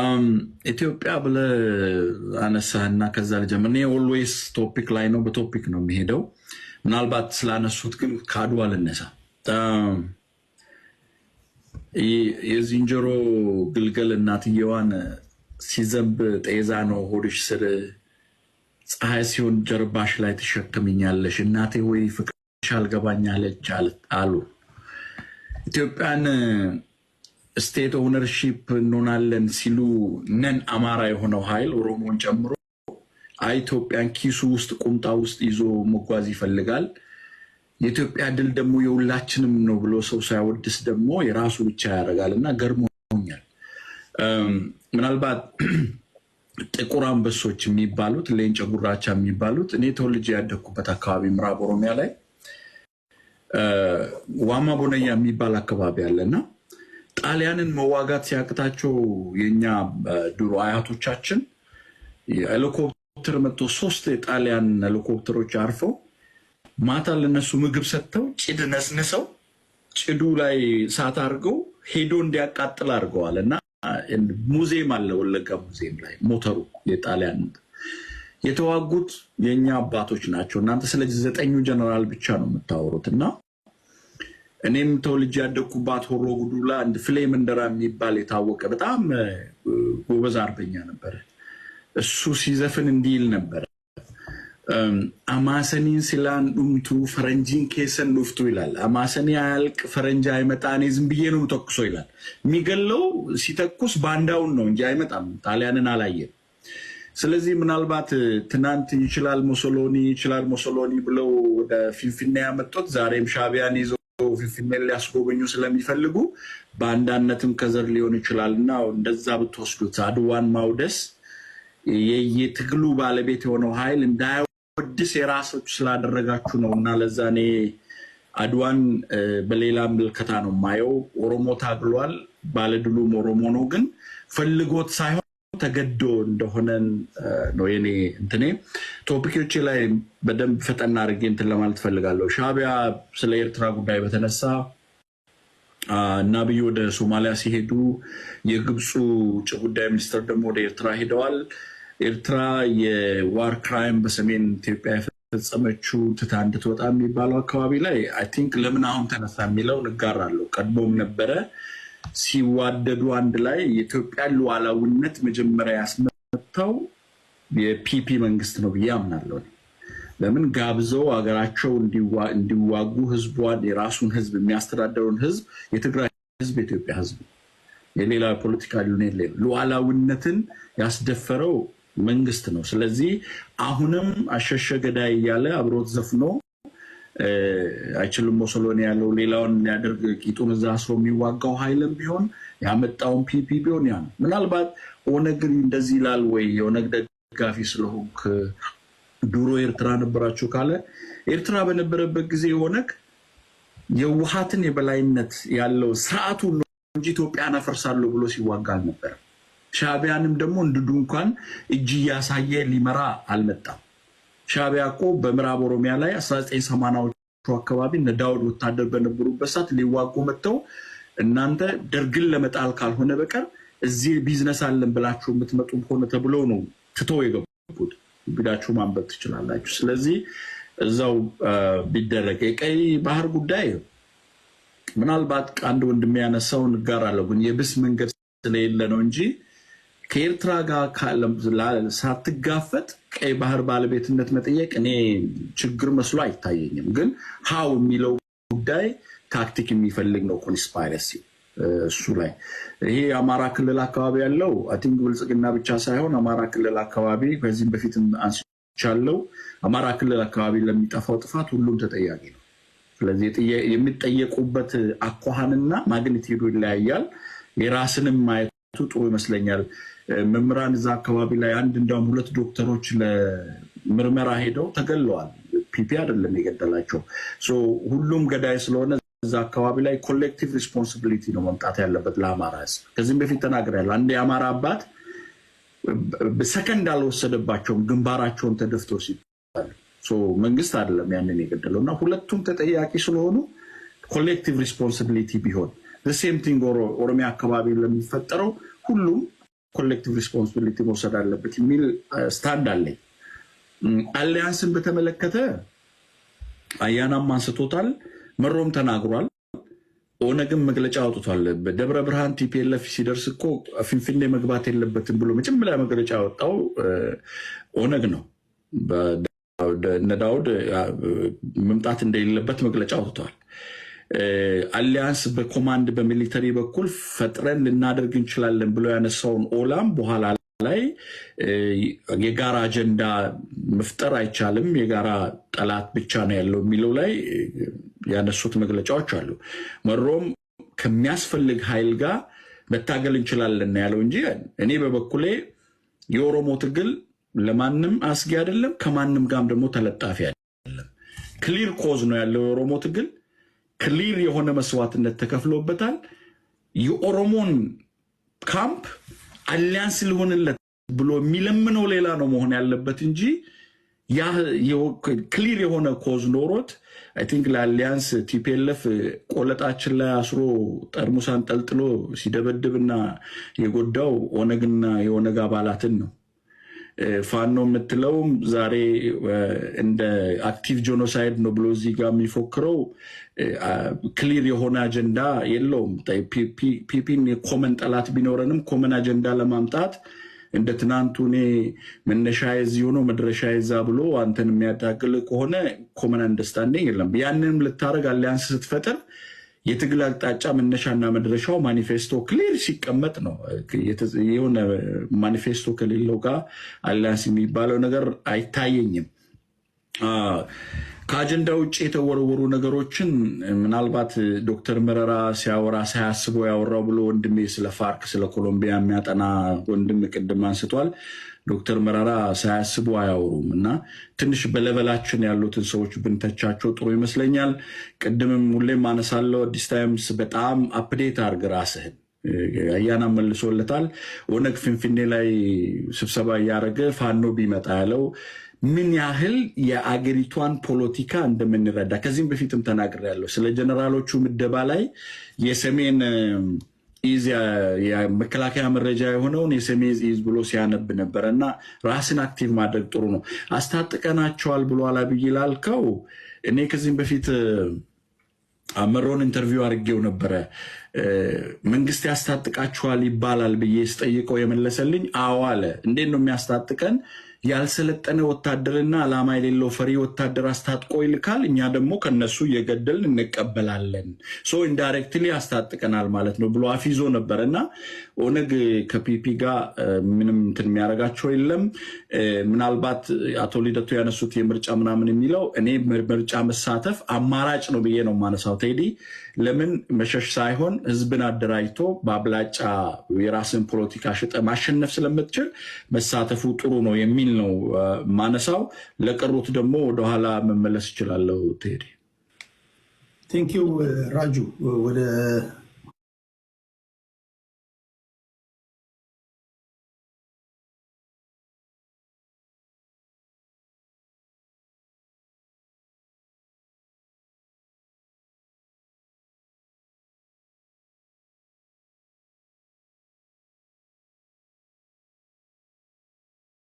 Um, ኢትዮጵያ ብለ አነሳህና ከዛ ልጀምር። እኔ ኦልዌይስ ቶፒክ ላይ ነው በቶፒክ ነው የሚሄደው። ምናልባት ስላነሱት ግን ከአድዋ አልነሳ። um, የዝንጀሮ ግልገል እናትየዋን ሲዘንብ ጤዛ ነው ሆድሽ ስር፣ ፀሐይ ሲሆን ጀርባሽ ላይ ትሸክምኛለሽ፣ እናቴ ወይ ፍቅርሽ አልገባኛለች አሉ ኢትዮጵያን ስቴት ኦነርሺፕ እንሆናለን ሲሉ ነን አማራ የሆነው ኃይል ኦሮሞን ጨምሮ ኢትዮጵያን ኪሱ ውስጥ ቁምጣ ውስጥ ይዞ መጓዝ ይፈልጋል። የኢትዮጵያ ድል ደግሞ የሁላችንም ነው ብሎ ሰው ሳያወድስ ደግሞ የራሱ ብቻ ያደርጋል እና ገርሞኛል። ምናልባት ጥቁር አንበሶች የሚባሉት ሌንጨ ጉራቻ የሚባሉት እኔ ተወልጄ ያደግኩበት አካባቢ ምዕራብ ኦሮሚያ ላይ ዋማ ቦነያ የሚባል አካባቢ አለና ጣሊያንን መዋጋት ሲያቅታቸው የኛ ድሮ አያቶቻችን ሄሊኮፕተር መጥቶ ሶስት የጣሊያን ሄሊኮፕተሮች አርፈው ማታ ለነሱ ምግብ ሰጥተው ጭድ ነስንሰው ጭዱ ላይ እሳት አድርገው ሄዶ እንዲያቃጥል አድርገዋል። እና ሙዚየም አለ ወለጋ ሙዚየም ላይ ሞተሩ የጣሊያን የተዋጉት የእኛ አባቶች ናቸው። እናንተ ስለዚህ ዘጠኙ ጀነራል ብቻ ነው የምታወሩት እና እኔም ተወልጄ ያደግኩባት ሆሮ ጉዱላ እንደ ፍሌም እንደራ የሚባል የታወቀ በጣም ጎበዝ አርበኛ ነበረ። እሱ ሲዘፍን እንዲል ነበር ነበረ። አማሰኒን ሲላን ዱምቱ ፈረንጂን ኬሰን ዱፍቱ ይላል። አማሰኒ አያልቅ ፈረንጅ አይመጣ፣ እኔ ዝም ብዬ ነው ተኩሶ ይላል። የሚገለው ሲተኩስ ባንዳውን ነው እንጂ አይመጣም፣ ጣሊያንን አላየም። ስለዚህ ምናልባት ትናንት ይችላል ሞሶሎኒ ይችላል ሞሶሎኒ ብለው ወደ ፊንፊና ያመጡት ዛሬም ሻቢያን ይዘው ሜል ሊያስጎበኙ ስለሚፈልጉ በአንዳነትም ከዘር ሊሆን ይችላል እና እንደዛ ብትወስዱት አድዋን ማውደስ የትግሉ ባለቤት የሆነው ኃይል እንዳያወድስ የራሶች ስላደረጋችሁ ነው እና ለዛ እኔ አድዋን በሌላ ምልከታ ነው ማየው። ኦሮሞ ታግሏል፣ ባለድሉም ኦሮሞ ነው። ግን ፈልጎት ሳይሆን ተገዶ እንደሆነን ነው የኔ እንትኔ ቶፒኮች ላይ በደንብ ፈጠና አድርጌ እንትን ለማለት ፈልጋለሁ። ሻቢያ ስለ ኤርትራ ጉዳይ በተነሳ እና ወደ ሶማሊያ ሲሄዱ የግብፁ ውጭ ጉዳይ ሚኒስትር ደግሞ ወደ ኤርትራ ሄደዋል። ኤርትራ የዋር ክራይም በሰሜን ኢትዮጵያ የፈጸመችው ትታ እንድትወጣ የሚባለው አካባቢ ላይ አይ ቲንክ ለምን አሁን ተነሳ የሚለው ንጋራለሁ። ቀድሞም ነበረ ሲዋደዱ አንድ ላይ የኢትዮጵያን ሉዓላዊነት መጀመሪያ ያስመታው የፒፒ መንግስት ነው ብዬ አምናለሁ። ለምን ጋብዘው ሀገራቸው እንዲዋጉ ህዝቧን የራሱን ህዝብ የሚያስተዳደረውን ህዝብ የትግራይ ህዝብ የኢትዮጵያ ህዝብ የሌላ ፖለቲካ ሉዓላዊነትን ያስደፈረው መንግስት ነው። ስለዚህ አሁንም አሸሸ ገዳይ እያለ አብሮት ዘፍኖ አይችልም ሞሶሎኒ ያለው ሌላውን ሊያደርግ ቂጡን እዛ አስሮ የሚዋጋው ሀይልም ቢሆን ያመጣውን ፒፒ ቢሆን ያ ነው። ምናልባት ኦነግን እንደዚህ ይላል ወይ የኦነግ ደጋፊ ስለሆንክ ድሮ ኤርትራ ነበራችሁ ካለ ኤርትራ በነበረበት ጊዜ ኦነግ የውሃትን የበላይነት ያለው ስርዓቱ እንጂ ኢትዮጵያን አፈርሳለሁ ብሎ ሲዋጋ አልነበረም። ሻቢያንም ደግሞ እንድዱ እንኳን እጅ እያሳየ ሊመራ አልመጣም። ሻዕቢያ እኮ በምዕራብ ኦሮሚያ ላይ 1980ዎቹ አካባቢ እነ ዳውድ ወታደር በነበሩበት ሰዓት ሊዋጉ መጥተው እናንተ ደርግን ለመጣል ካልሆነ በቀር እዚህ ቢዝነስ አለን ብላችሁ የምትመጡ ሆነ ተብሎ ነው ትተው የገቡት። ቢዳችሁ ማንበብ ትችላላችሁ። ስለዚህ እዛው ቢደረግ የቀይ ባህር ጉዳይ ምናልባት አንድ ወንድም ያነሳውን ጋር አለው ግን የብስ መንገድ ስለሌለ ነው እንጂ ከኤርትራ ጋር ሳትጋፈጥ ቀይ ባህር ባለቤትነት መጠየቅ እኔ ችግር መስሎ አይታየኝም። ግን ሀው የሚለው ጉዳይ ታክቲክ የሚፈልግ ነው። ኮንስፓይረሲ እሱ ላይ ይሄ የአማራ ክልል አካባቢ ያለው አቲንግ ብልጽግና ብቻ ሳይሆን አማራ ክልል አካባቢ ከዚህም በፊት አንስቻለው። አማራ ክልል አካባቢ ለሚጠፋው ጥፋት ሁሉም ተጠያቂ ነው። ስለዚህ የሚጠየቁበት አኳኋንና ማግኒቲዩዱ ይለያያል። የራስንም ማየት ጥሩ ይመስለኛል። መምህራን እዛ አካባቢ ላይ አንድ እንዲያውም ሁለት ዶክተሮች ለምርመራ ሄደው ተገለዋል። ፒፒ አይደለም የገደላቸው። ሁሉም ገዳይ ስለሆነ እዛ አካባቢ ላይ ኮሌክቲቭ ሪስፖንሲቢሊቲ ነው መምጣት ያለበት ለአማራ ሕዝብ። ከዚህም በፊት ተናግሬያለሁ። አንድ የአማራ አባት ሰከንድ አልወሰደባቸውም ግንባራቸውን ተደፍቶ ሲባል መንግስት አይደለም ያንን የገደለው እና ሁለቱም ተጠያቂ ስለሆኑ ኮሌክቲቭ ሪስፖንሲቢሊቲ ቢሆን ዘ ሴም ቲንግ ኦሮሚያ አካባቢ ለሚፈጠረው ሁሉም ኮሌክቲቭ ሪስፖንሲቢሊቲ መውሰድ አለበት የሚል ስታንድ uh, አለኝ። አሊያንስን mm, በተመለከተ አያናም አንስቶታል፣ መሮም ተናግሯል፣ ኦነግም መግለጫ አውጥቷል። በደብረ ብርሃን ቲፒኤልኤፍ ሲደርስ እኮ ፊንፊኔ መግባት የለበትም ብሎ መጀመሪያ መግለጫ ያወጣው uh, ኦነግ ነው። እነ ዳውድ uh, መምጣት እንደሌለበት መግለጫ አውጥቷል። አሊያንስ በኮማንድ በሚሊተሪ በኩል ፈጥረን ልናደርግ እንችላለን ብሎ ያነሳውን ኦላም በኋላ ላይ የጋራ አጀንዳ መፍጠር አይቻልም፣ የጋራ ጠላት ብቻ ነው ያለው የሚለው ላይ ያነሱት መግለጫዎች አሉ። መሮም ከሚያስፈልግ ኃይል ጋር መታገል እንችላለን ያለው እንጂ እኔ በበኩሌ የኦሮሞ ትግል ለማንም አስጊ አይደለም፣ ከማንም ጋርም ደግሞ ተለጣፊ አይደለም። ክሊር ኮዝ ነው ያለው የኦሮሞ ትግል ክሊር የሆነ መስዋዕትነት ተከፍሎበታል። የኦሮሞን ካምፕ አሊያንስ ሊሆንለት ብሎ የሚለምነው ሌላ ነው መሆን ያለበት እንጂ ክሊር የሆነ ኮዝ ኖሮት አይ ቲንክ ለአሊያንስ ቲፒኤልኤፍ ቆለጣችን ላይ አስሮ ጠርሙስ አንጠልጥሎ ሲደበድብና የጎዳው ኦነግና የኦነግ አባላትን ነው። ፋኖ የምትለውም ዛሬ እንደ አክቲቭ ጆኖሳይድ ነው ብሎ እዚህ ጋር የሚፎክረው ክሊር የሆነ አጀንዳ የለውም። ፒፒን የኮመን ጠላት ቢኖረንም ኮመን አጀንዳ ለማምጣት እንደ ትናንቱ እኔ መነሻ እዚህ ሆኖ መድረሻ የዛ ብሎ አንተን የሚያዳግል ከሆነ ኮመን አንደርስታንዲንግ የለም። ያንንም ልታደርግ አሊያንስ ስትፈጥር የትግል አቅጣጫ መነሻና መድረሻው ማኒፌስቶ ክሊር ሲቀመጥ ነው። የሆነ ማኒፌስቶ ከሌለው ጋር አሊያንስ የሚባለው ነገር አይታየኝም። ከአጀንዳ ውጭ የተወረወሩ ነገሮችን ምናልባት ዶክተር መረራ ሲያወራ ሳያስበው ያወራው ብሎ ወንድሜ ስለ ፋርክ ስለ ኮሎምቢያ የሚያጠና ወንድም ቅድም አንስቷል። ዶክተር መራራ ሳያስቡ አያወሩም እና ትንሽ በለበላችን ያሉትን ሰዎች ብንተቻቸው ጥሩ ይመስለኛል። ቅድምም ሁሌም አነሳለሁ፣ አዲስ ታይምስ በጣም አፕዴት አድርግ ራስህን። አያና መልሶለታል። ኦነግ ፊንፊኔ ላይ ስብሰባ እያደረገ ፋኖ ቢመጣ ያለው ምን ያህል የአገሪቷን ፖለቲካ እንደምንረዳ ከዚህም በፊትም ተናግሬያለሁ። ስለ ጀነራሎቹ ምደባ ላይ የሰሜን ኢዝ መከላከያ መረጃ የሆነውን የሰሜዝ ኢዝ ብሎ ሲያነብ ነበረ እና ራስን አክቲቭ ማድረግ ጥሩ ነው። አስታጥቀናቸዋል ብሎ አላብይ ላልከው እኔ ከዚህም በፊት አመሮን ኢንተርቪው አድርጌው ነበረ። መንግስት ያስታጥቃችኋል ይባላል ብዬ ስጠይቀው የመለሰልኝ አዎ አለ። እንዴት ነው የሚያስታጥቀን? ያልሰለጠነ ወታደርና ዓላማ የሌለው ፈሪ ወታደር አስታጥቆ ይልካል። እኛ ደግሞ ከነሱ እየገደልን እንቀበላለን። ሶ ኢንዳይሬክትሊ ያስታጥቀናል ማለት ነው ብሎ አፍ ይዞ ነበር እና ኦነግ ከፒፒ ጋር ምንም እንትን የሚያደርጋቸው የለም። ምናልባት አቶ ልደቱ ያነሱት የምርጫ ምናምን የሚለው እኔ ምርጫ መሳተፍ አማራጭ ነው ብዬ ነው ማነሳው። ቴዲ ለምን መሸሽ ሳይሆን ህዝብን አደራጅቶ በአብላጫ የራስን ፖለቲካ ሽጠ ማሸነፍ ስለምትችል መሳተፉ ጥሩ ነው የሚል በሚል ነው ማነሳው። ለቀሩት ደግሞ ወደኋላ መመለስ እችላለሁ። ትሄድ ቴንኪው ራጁ ወደ